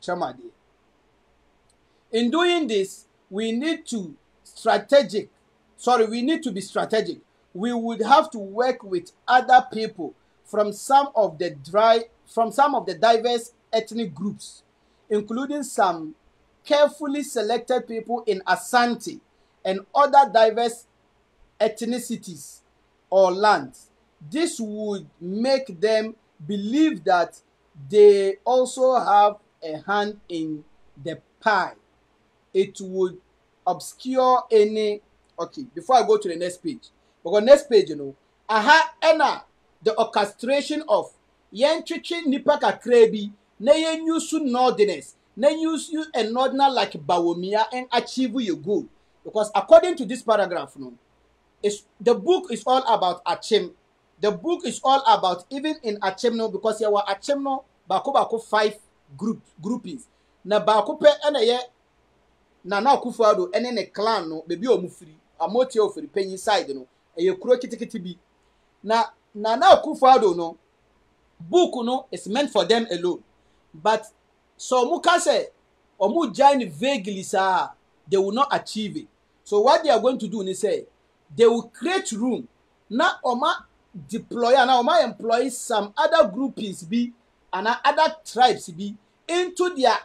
Chamade. In doing this, we need to strategic, sorry, we need to be strategic. We would have to work with other people from some of the dry, from some of the diverse ethnic groups, including some carefully selected people in Asante and other diverse ethnicities or lands. This would make them believe that they also have a hand in the pie. It would obscure any. Okay, before I go to the next page, because next page, you know, aha, Anna, the orchestration of yɛntwetwe nnipa kakra bi na yɛnyu so nordiness na yɛnyu a northerner like bawomia and achieve your goal because according to this paragraph no is the book is all about achim the book is all about even in achim because yɛwɔ achim no baako baako five group groupings na baako pɛ ɛna ɛyɛ nana akufo ado ɛne ne clan no beebi a wɔn firi amotia ofiri panyin side no ɛyɛ kuro kitikiti bi na nana akufo ado no book no is meant for them alone but so, wɔn ka sɛ wɔn gyae vaguely saa they will not achieve it so what they are going to do ni sɛ they will create room na wɔn deploy ana wɔn employ some other groupings bi anaa other tribes bi into their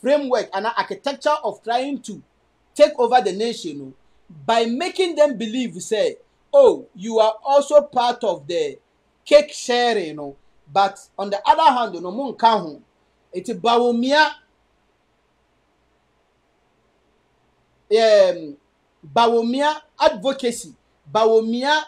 framework and architecture of trying to take over the nation no oh, by making them believe say oh you are also part of the cake sharing know. Oh. but on the other hand you oh, know, mo nka ho eti bawomia um, bawomia advocacy bawomia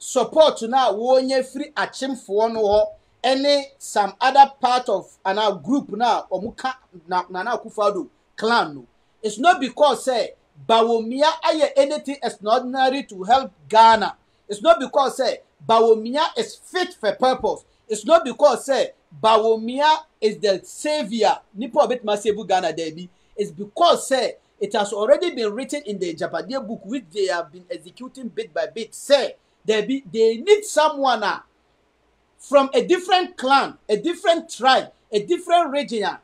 support na wɔnyɛ firi akyemfoɔ no hɔ ne some other part of ana group na wɔn ka na nana akufado clan no it's not because say bawomia ayɛ anything extraordinary to help ghana it's not because say bawomia is fit for purpose it's not because say bawomia is the saviour nipa obetuma save ghana dɛbi it's because say it has already been written in the japadia book which they have been executing bit by bit say dɛbi they need someone ah from a different clan a different tribe a different region a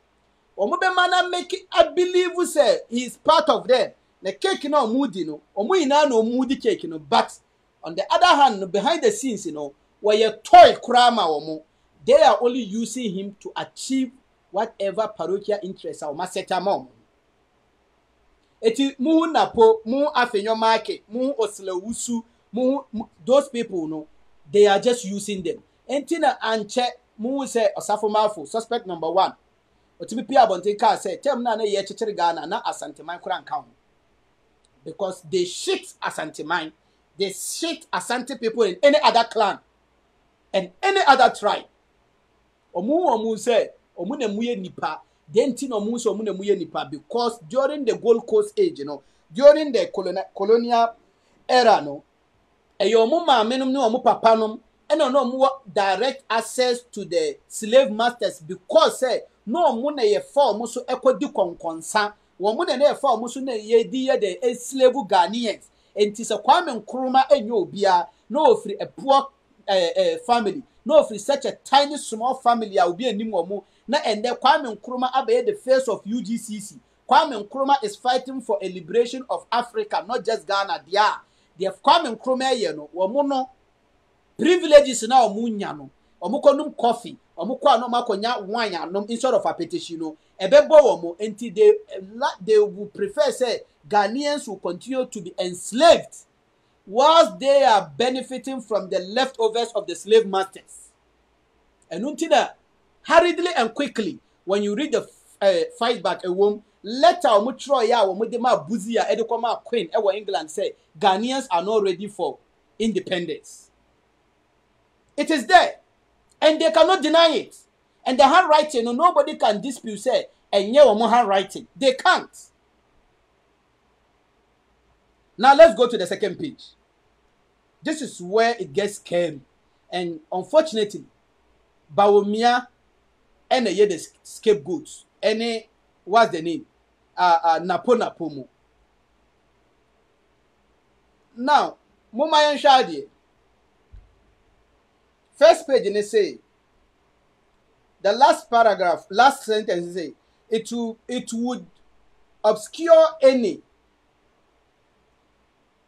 wɔn bɛma na make i believe say he is part of them na cake na wɔn di no wɔn nyinaa na wɔn di cake no but on the other hand behind the scenes no wɔyɛ toy koraa ma wɔn they are only using him to achieve whatever parochial interest a wɔn asɛta ma wɔn eti mu napo mu afenyɔmaake mu osilewusu mu those people no they are just using them nti na ankyɛ mu sɛ ɔsafomaafo suspect number one ɔtumi pii abɔnten kaa sɛ tɛm na ne yɛ kyekyere ghana na asanteman kora nka ho because they shit asanteman they shit asante people in any other clan and any other tribe ɔmo mu sɛ ɔmo na mu yɛ nipa den ti na ɔmo sɛ ɔmo na mu yɛ nipa because during the gold coast age you no know, during the colonial era no ɛyɛ ɔmo maame nom ne ɔmo papa nom ɛna na ɔmo wɔ direct access to the slave masters because sɛ eh, na ɔmo na yɛ fa ɔmo so ɛkɔ di kɔnkɔnsa wɔn na na yɛ fa ɔmo so na yɛ di yɛ de eslave ghanaians nti sɛ kwame nkrumah enyo obiara na ofiri a poor ɛɛ ɛɛ family na ofiri such a tiny small family a obi anim wɔn na ɛnɛ kwame nkrumah abɛyɛ the face of ugcc kwame nkrumah is fighting for a liberation of africa not just ghana deɛ deɛ kwame nkrumah yɛ no wɔn no privileges na wɔn nya no wɔn kɔ nom coffee wɔn kɔ anam akɔnya wine anom instead of apetition no ɛbɛbɔ wɔn nti they they will prefer say ghanaians will continue to be enslaved whilst they are benefiting from the leftovers of the slave masters ɛnu ti na hurriedly and quickly when you read the uh, fight back ɛwom. Uh, letter a wɔn ya, yɛ a wɔn de maa buzi a ɛde maa queen ɛwɔ england say, ghanaians are not ready for independence It is there. And they cannot deny it. And the handwriting, nobody can dispute, say, and yeah, handwriting. They can't. Now let's go to the second page. This is where it gets scary. And unfortunately, Bawomia and the scapegoats. Any what's the name? Uh, uh, Napo Napomo. Now, Mumaya Shadi first page ni say the last paragraph last sentence say it will it would obscure any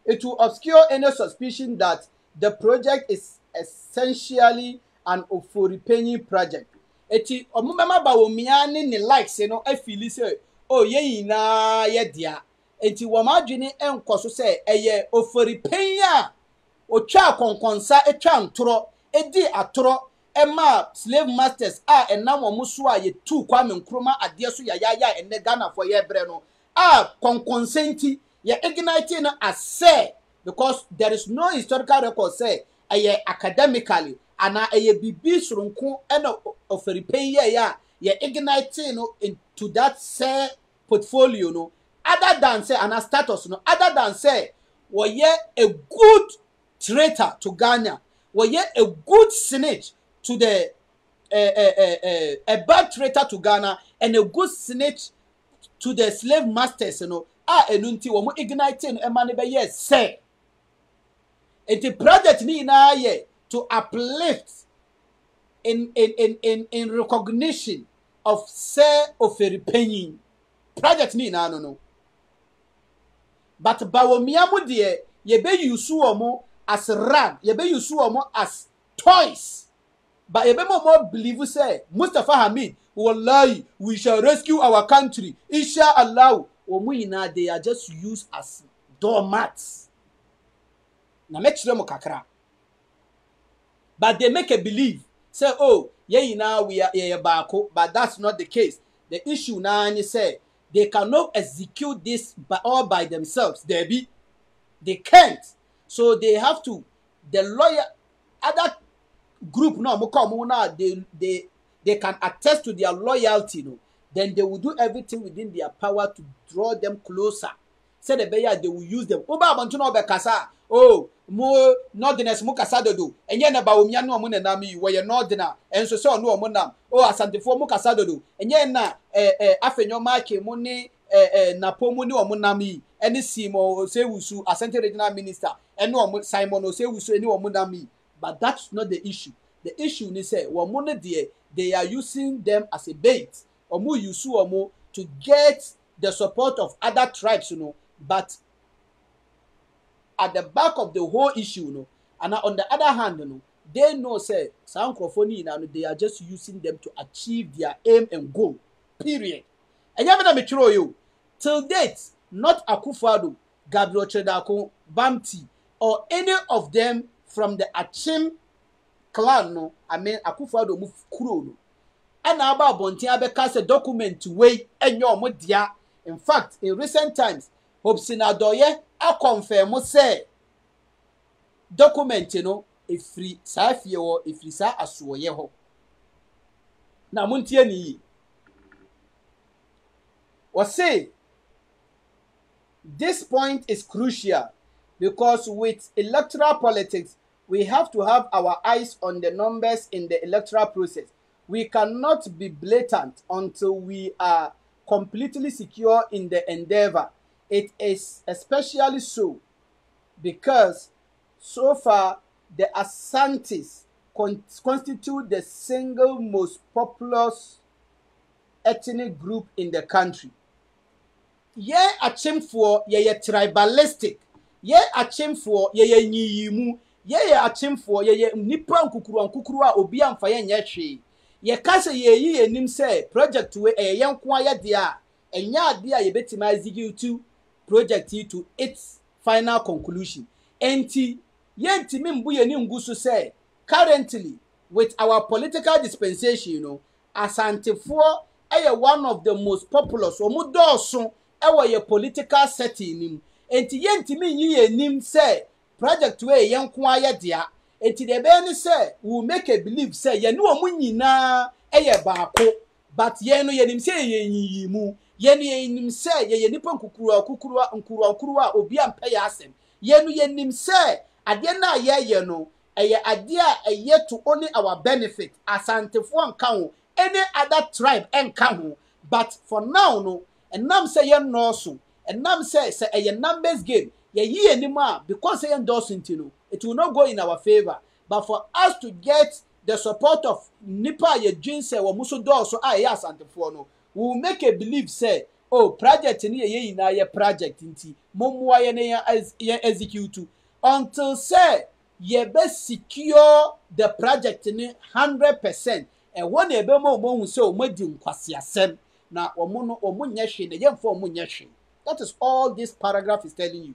it will obscure any suspicion that the project is essentially an Ofori-Peyin project eti ọmụmama bawomia ne like likes no afili e sɛ oh, o yɛ nyinaa yɛ dea eti wɔn adwene nkɔ so sɛ ɛyɛ Ofori-Peyin a otwa akɔnkɔnsa atwa ntorɔ di atorɔ ɛmaa slave masters a ɛnam wɔn so a yɛtu kwame nkrumah adeɛ so yayaya ɛnɛ ghanafoɔ yɛbrɛ no a kɔnkɔnse nti yɛ ignite no asɛ because there is no historical record sɛ ɛyɛ academically anaa ɛyɛ bibi soronko ɛna ɔfɛripa yi yɛyɛ a yɛ ignite no into that sɛ portfolio no other than sɛ anaa status no other than sɛ wɔyɛ a good traitor to ghana wɔyɛ a good snitch to the uh, uh, uh, a bad traitor to ghana and a good snitch to the slave masters You know, a ɛnu nti wɔn ignite no ɛma no bɛyɛ sɛ nti project ni nyinaa yɛ to uplift in in in in in recognition of sɛ ofere panyin project ni nyinaa no no but bawomia mu deɛ yɛbɛyi su wɔn as rag yɛbɛyi su wɔn as toys but yɛbɛma wɔn believe sɛ mustapha hamid wallahi we shall rescue our country insha allah wɔn nyinaa they are just used as doormats na mɛkyerɛ mu kakra but they make a believe say oh yɛn nyinaa we are yɛyɛ baako but that's not the case the issue naa ni say, they cannot execute this by, all by themselves debi they can't so they have to the lawyer other group náà mo kọ́ ọ̀mú náà they they they can attest to their loyalty no then they will do everything within their power to draw them closer the bẹ́yà they will use them wọ́n bá àbọ̀ntún náà ọbẹ̀ kasa oh, mo northerners mo kasa dodo ẹ̀yẹ́ nàbà omiya náà mo nànà mi wọ̀yẹ̀ northerner ẹ̀nso sẹ́ ọ̀nù ọ̀mú nam oh, asantefoɔ mo kasa dodo ẹ̀yẹ́ nà ẹ̀ ẹ̀ afẹ̀yọ́ máàkì mo ní ẹ̀ ẹ̀ nàpọ̀ mo ní ọ̀mú nam yìí ɛne simon osewusu asante regional minister ɛne wɔn simon osewusu ɛne wɔn nam yi but that's not the issue the issue ni sɛ wɔn no deɛ they are using them as a bait wɔn use wɔn to get the support of other tribes you know, but at the back of the whole issue you know, and on the other hand you know, they know say saa nkurɔfoɔ no nyinaa no they are just using them to achieve their aim and goal period ɛnyɛ mi na mi twerɛ o till date not Akufado, Gabriel Chedako, Bamti, or any of them from the Achim clan no, I mean Akufado move kuro no. A na-agba abọnten abekasa document wei enye ọmụ dea. In fact, in recent times, Hobson Adoye akọmfem sị document no efiri saa fie hɔ efiri saa asụọyɛ hɔ. Na mụ ntie n'iyi. This point is crucial because with electoral politics, we have to have our eyes on the numbers in the electoral process. We cannot be blatant until we are completely secure in the endeavor. It is especially so because so far the Asantis con constitute the single most populous ethnic group in the country. yɛ akyemfoɔ yɛyɛ tribalistic yɛ akyemfoɔ yɛyɛ nyiyimu yɛyɛ akyemfoɔ yɛyɛ nipa nkukuruwa nkukuruwa a obi amfa yɛn nyɛ hwee yɛka sɛ yɛyi yɛn nim sɛ project wei ɛyɛ yɛn nko ayɛ deɛ a ɛnyɛ adeɛ a yɛbɛtumi execute project yi to its final conclusion nti yɛntumi mbu yɛn ni ngu so sɛ currently with our political dispensation you know, asantefoɔ ɛyɛ one of the most populous wɔn dɔɔso ɛwɔ yɛ political setting nim nti yɛntumi nyi yɛ nim sɛ project wei yɛn nko ayɛ dea nti deɛ ɛbɛyɛ ne sɛ we make a belief sɛ yɛne wɔn mu nyinaa ɛyɛ baako but yɛn no yɛnim sɛ yɛyɛ yiyi mu yɛn no yɛnim sɛ yɛyɛ nipa nkukuruwa nkukuruwa nkuruwa nkuruwa a obi ampɛ yɛ asɛm yɛn no yɛnim sɛ adeɛ no a yɛyɛ no ɛyɛ adeɛ a ɛyɛ to only our benefit asantefoɔ nka ho any other tribe nka ho but for now no ɛnam sɛ yɛ nnɔɔso ɛnam sɛ sɛ ɛyɛ numbers game yɛyi yɛn anim a because sɛ yɛ nnɔɔso nti no it will not go in our favour but for us to get the support of nipa a yɛdwin sɛ wɔn so dɔɔso a ɛyɛ asantefoɔ no we will make a belief sɛ o oh, project ni yɛyɛ nyinaa yɛ project nti mo mmoa yɛn yɛn yɛn execute until sɛ yɛbɛ secure the project ni hundred percent ɛwɔ na ɛbɛ mo a wɔn ho sɛ wɔn adi nkwaseasɛm na wɔn no wɔn nyɛ hwee na yɛmfa wɔn nyɛ hwee that is all this paragraph is telling you.